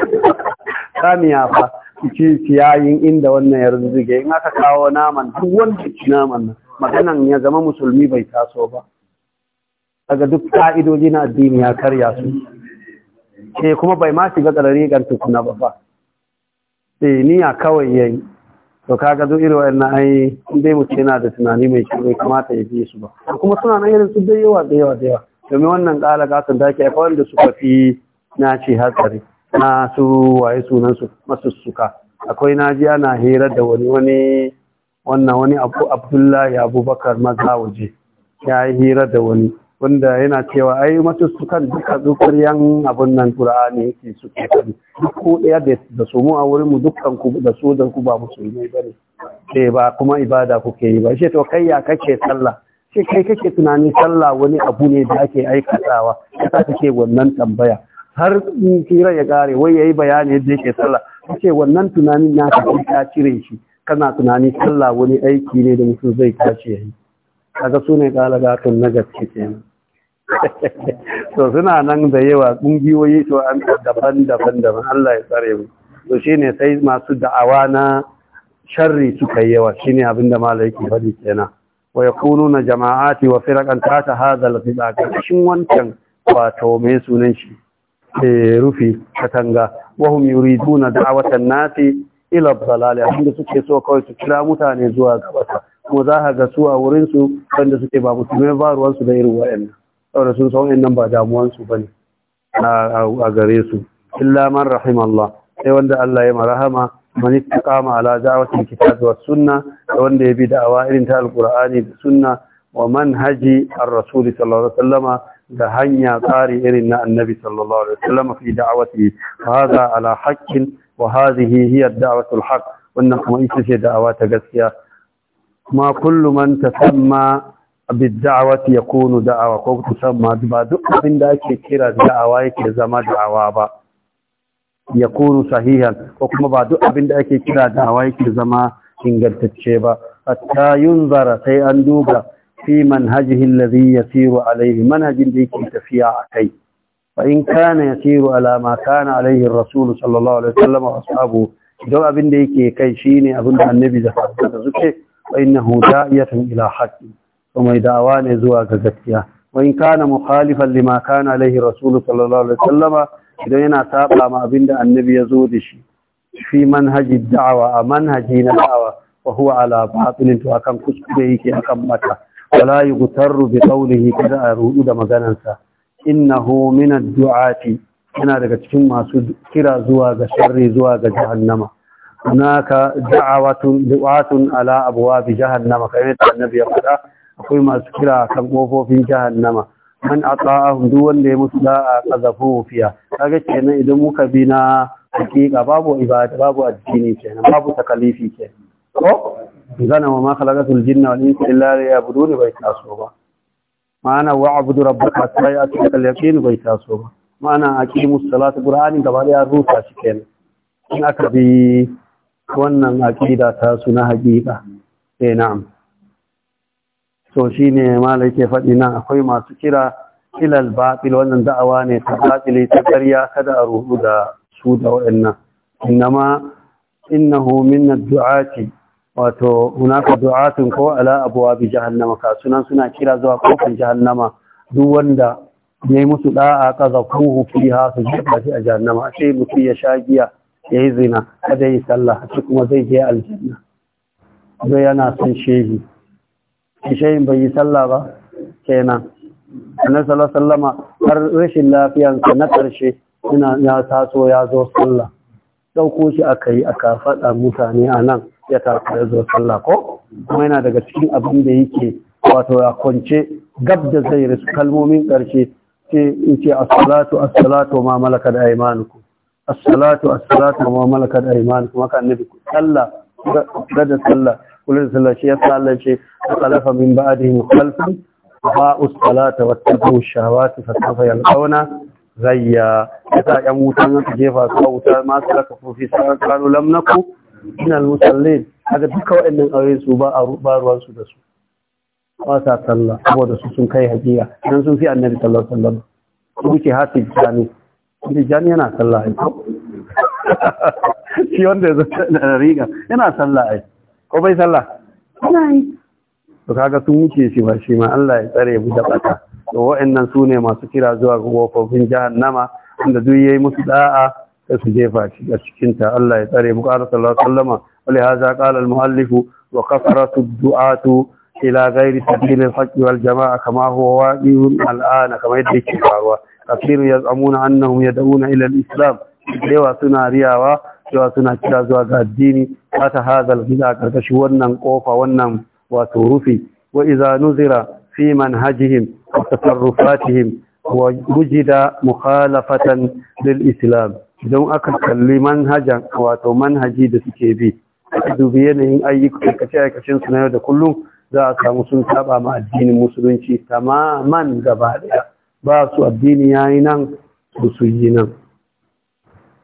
(laughs) saniya fa Ki ci yayin inda wannan ya zuge in aka kawo naman duk wanda ci naman nan maganan ya zama musulmi bai taso ba daga duk ka'idoji na addini ya karya su eh kuma bai ma shiga tsarari gan tukuna ba fa sai eh, niya kawai yayi to kaga zo irin wayannan ai dai mutum yana da tunani mai kyau bai kamata ya biye su ba kuma suna nan irin su dai yawa da yawa da yawa domin wannan kala gasan da ake akwai wanda suka fi na ce hatsari na su waye sunan su masu suka akwai na ji ana hira da wani wani wannan wani abu abdullahi abubakar maza waje ya yi hira da wani wanda yana cewa ai matuskan duka yan abun nan qur'ani yake su kan duk ko daya da su mu a wurin mu dukkan ku da su da ku ba musulmai bane eh, ba kuma ibada kuke yi ba shi to kai ya kake sallah shi kai kake tunani sallah wani abu ne da ake aikatawa kasa kake wannan tambaya har in kira ya kare wai yayi bayani yadda yake sallah kace wannan tunanin na ka cire shi kana tunani sallah wani aiki ne da mutum zai tashi yayi kaga su ne ɗalibatan na gaske kenan to suna nan da yawa ƙungiyoyi to an daban daban daban Allah ya tsare mu to ne sai masu da'awa na sharri suka yi yawa shine da malai ke faɗi kenan wa yakununa jama'ati wa firaqan ta hadha al-fida wancan wato mai sunan shi eh, rufi katanga wahum yuriduna da'watan nasi ila dalali da suke so kawai su kira mutane zuwa gabata kuma za ka ga su a wurin su wanda suke ba musulmai ba ruwan su da irin wa'annan saboda sun san nan ba damuwansu ne. a gare su illa man rahimallah sai wanda Allah ya marhama man kama ala da'watil kitabi was da wanda ya bi da'awa irin ta alkur'ani da sunna wa manhaji ar rasuli sallallahu alaihi wasallama da hanya tsari irin na annabi sallallahu alaihi wasallama fi da'awati hadha ala haqqin wa hadhihi hiya ad-da'watul wannan kuma ita ce da'awa ta gaskiya ma kullu man tasamma bidda'awa ya kunu da'awa ko tusamma ba duk abin da ake kira da'awa yake zama da'awa ba ya kunu sahihan ko kuma ba duk abin da ake kira da'awa yake zama ingantacce ba hatta yunzara sai an duba fi manhajihi alladhi yasiru alayhi manhajin da yake tafiya akai fa in kana yasiru ala ma kana alayhi ar-rasul sallallahu alaihi wasallam wa ashabu don abin da yake kai shine abin da annabi da sahabbai suke fa innahu da'iyatun ila haqqi mai da'awa ne zuwa ga gaskiya wa in kana mukhalifan lima kana alaihi rasul sallallahu alaihi wasallam idan yana saba ma abinda annabi ya zo da shi fi manhaji da'awa a manhaji na da'awa wa huwa ala batilin to akan kuskure yake akan mata wala yughtaru bi qawlihi kada a rudu da maganarsa innahu min ad-du'ati yana daga cikin masu kira zuwa ga sharri zuwa ga jahannama هناك دعوة دعاة على أبواب جهنم كما النبي وسلم akwai masu kira kan kofofin jahannama man ata'ahum duk wanda ya musu da'a qazafu fiya kaga kenan idan muka bi na hakika babu ibada babu addini kenan babu takalifi kenan ko zana wa ma khalaqatul jinna wal insa illa liya'budun bai taso ba ma'ana wa'budu rabbaka sai a cikin yaqin bai taso ba ma'ana aqimus salata qur'ani gaba da rusa shi kenan in aka bi wannan aqida ta suna hakika eh na'am so shi ne malai ke faɗi na akwai masu kira ilal batil wannan da'awa ne ta batili ta ƙarya kada a ruhu da su da waɗannan innama innahu minna duati wato hunaka du'atun ko ala bi jahannama ka sunan suna kira zuwa kofar jahannama duk wanda yayi musu da'a ku kuhu fiha su ji a jahannama ce mutum ya sha giya yi zina kada yi sallah sai kuma zai je aljanna zai yana son shehi ishayin bai yi sallah ba kenan annabi sallallahu alaihi wasallama har rashin lafiyansa na ƙarshe ina ya taso ya zo sallah dauko shi aka yi aka faɗa mutane a nan ya taso ya zo sallah ko kuma yana daga cikin abin da yake wato ya kwance gab da zai rasu kalmomin ƙarshe ce in ce as-salatu as-salatu ma malakat aymanukum as-salatu as-salatu ma malakat aymanukum haka annabi sallah da sallah kullun sallah ya yasa Allah min khalafa min ba'dihim khalfun wa tabu wattabu fa fasawfa yalqawna zayya ita yan wutan aka jefa su wuta ma su laka fufi sai kanu lam naku min al musallin haka duka waɗannan aure su ba a ba ruwan su da su ba sa sallah saboda su sun kai hajiya dan sun fi annabi sallallahu alaihi wasallam su ke hafi jani jani yana sallah ai shi wanda ya zo da riga yana sallah ai ko bai sallah to kaga sun wuce shi ba shi ma Allah ya tsare mu da bata to wa'annan su ne masu kira zuwa ga kofofin jahannama inda duk yayi musu da'a sai su jefa shi a cikin ta Allah ya tsare mu qala sallallahu alaihi wasallama wa li hadha qala al muallif wa kafaratu du'atu ila ghairi sabil al haqq wal jamaa kama huwa waqi'un al an kama yadda yake faruwa kafiru yaz'amuna annahum yad'una ila al islam dewa suna riyawa cewa suna kira zuwa ga addini ta hazal gida karkashin wannan kofa wannan wato rufi wa iza nuzira fi manhajihim wa tasarrufatihim wa wujida mukhalafatan lil islam idan aka kalli manhajan wato manhaji da suke bi dubi yanayin ayyukan kace aikacin su na yau da kullum za a samu sun saba ma addinin musulunci tamaman gaba daya ba su addini yayi nan su yi nan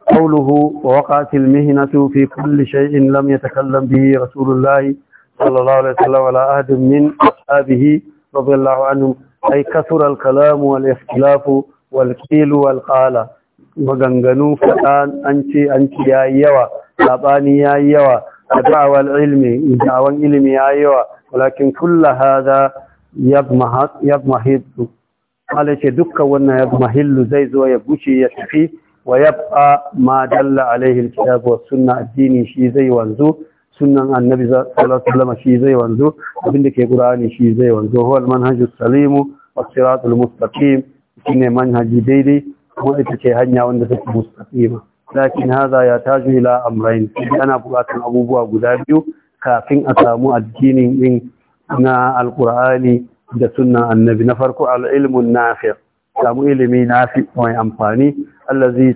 قوله ووقعت المهنة في كل شيء لم يتكلم به رسول الله صلى الله عليه وسلم ولا أحد من أصحابه رضي الله عنهم أي كثر الكلام والاختلاف والقيل والقال maganganu faɗan an ce ya yawa saɓani ya yi yawa a da'awar ilmi da'awar ilmi ya yi yawa walakin kulla hada yabmahiddu ala ce dukkan wannan yabmahillu zai zo ya bushe ya tafi wa yabqa ma dalla alaihi alkitab wa sunna addini shi zai wanzu annabi sallallahu alaihi shi zai wanzu abinda ke qur'ani shi zai wanzu huwa manhajus salimu was siratul mustaqim shine manhaji daidai kuma ita ce hanya wanda take mustaqima lakin haza ya taju ila amrayn ana buƙatar abubuwa guda biyu kafin a samu addinin din na alqur'ani da sunnan annabi na farko al-ilmun nafi' samu ilimi nafi mai amfani allazi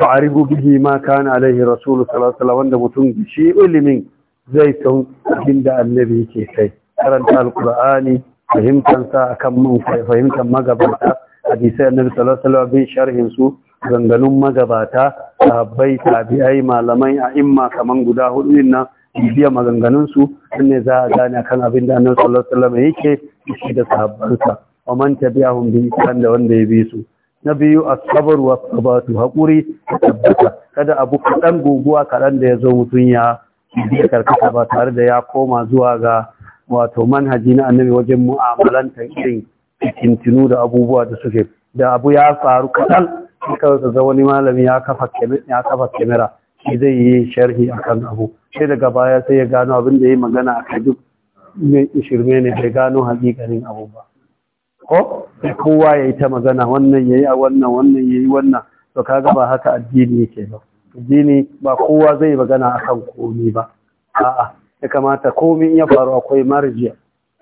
ta'ribu bihi ma kana alaihi rasulullahi sallallahu alaihi wasallam wanda mutum shi ilimin zai san abinda annabi yake kai karanta alqur'ani fahimtar sa akan mun fahimtar magabata hadisai annabi sallallahu alaihi wasallam bin sharhin su zanganun magabata sahabbai tabi'ai malamai a'imma kaman guda hudu nan bibiya maganganun su ne za a gane akan abin da annabi sallallahu alaihi wasallam yake shi da sahabbansa wa تبعهم tabi'ahum bi ihsan da wanda ya bi su na biyu hakuri tabbata kada abu kadan guguwa kadan da ya zo mutun ya bi karkata ba tare da ya koma zuwa ga wato manhaji na annabi wajen ta irin fitintinu da abubuwa da suke da abu ya faru kadan kawai ka ga wani malami ya kafa ya kafa kamera shi zai yi sharhi akan abu sai daga baya sai ya gano abin da ya yi magana a duk shirme ne bai gano hakikanin abu ba ko kowa yi ta magana wannan ya yi a wannan wannan ya yi wannan to kaga ba haka addini yake ba addini ba kowa zai magana kan komi ba a'a ya kamata komi ya faru akwai marji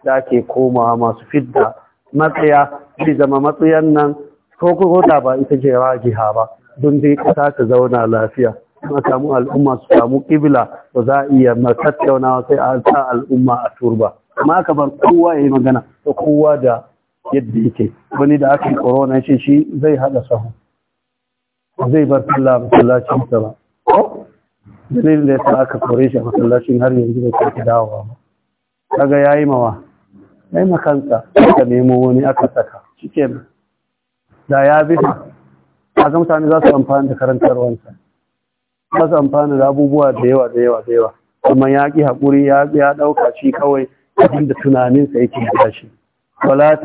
da ake komawa masu fidda matsaya zai zama matsayan nan ko ko ba ita ce rajiha ba don dai kasa ta zauna lafiya kuma samu al'umma su samu kibla ba za a iya matattaunawa sai a sa al'umma a turba amma aka bar kowa ya yi magana to kowa da yadda yake wani da aka yi corona ce shi zai hada sahu zai bar a masallacin ta ba dalilin da ya sa aka kore shi a masallacin har yanzu da kake dawowa ba kaga yi mawa yi makanta aka nemo wani aka saka shikenan da ya bi ga mutane za su amfani da karantarwansa za su amfani da abubuwa da yawa da yawa da yawa amma ya ki haƙuri ya ɗauka shi kawai abinda tunaninsa yake da shi wala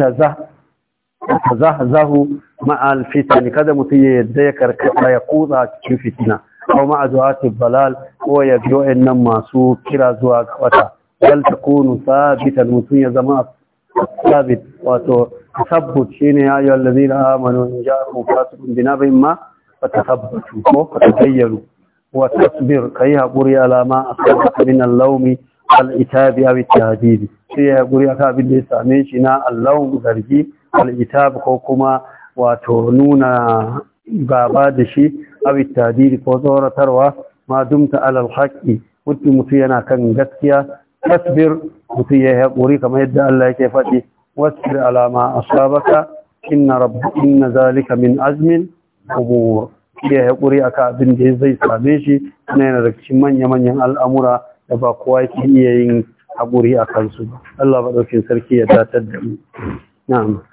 tazahzahu ma'al fitan kada mutum ya yadda ya karkata ya kutsa cikin fitina aw ma'a du'ati balal ko ya biyo nan masu kira zuwa ga wata wal takunu sabitan mutum ya zama sabit wato tasabbut shine ya ayyuhal ladina amanu in ja'akum fasiqun binabin ma fatasabbatu ko fatayyaru wa tasbir kai haƙuri alama a min al-lawmi al'itabi a bitabidi sai ya guri aka abin da ya same shi na allahun zargi al'itabi ko kuma wato nuna gaba da shi a bitabidi ko tsoratarwa ma dumta alal haƙi mutum mutu yana kan gaskiya tasbir mutu ya guri kamar yadda allah yake faɗi wasbir alama sabaka inna rabbu inna zalika min azmin umur ya guri aka abin da zai same shi na yana da cikin manya-manyan al'amura da ba kowa ke iya yin haƙuri a kansu ba Allah ba ɗaukin sarki ya datar da mu na'am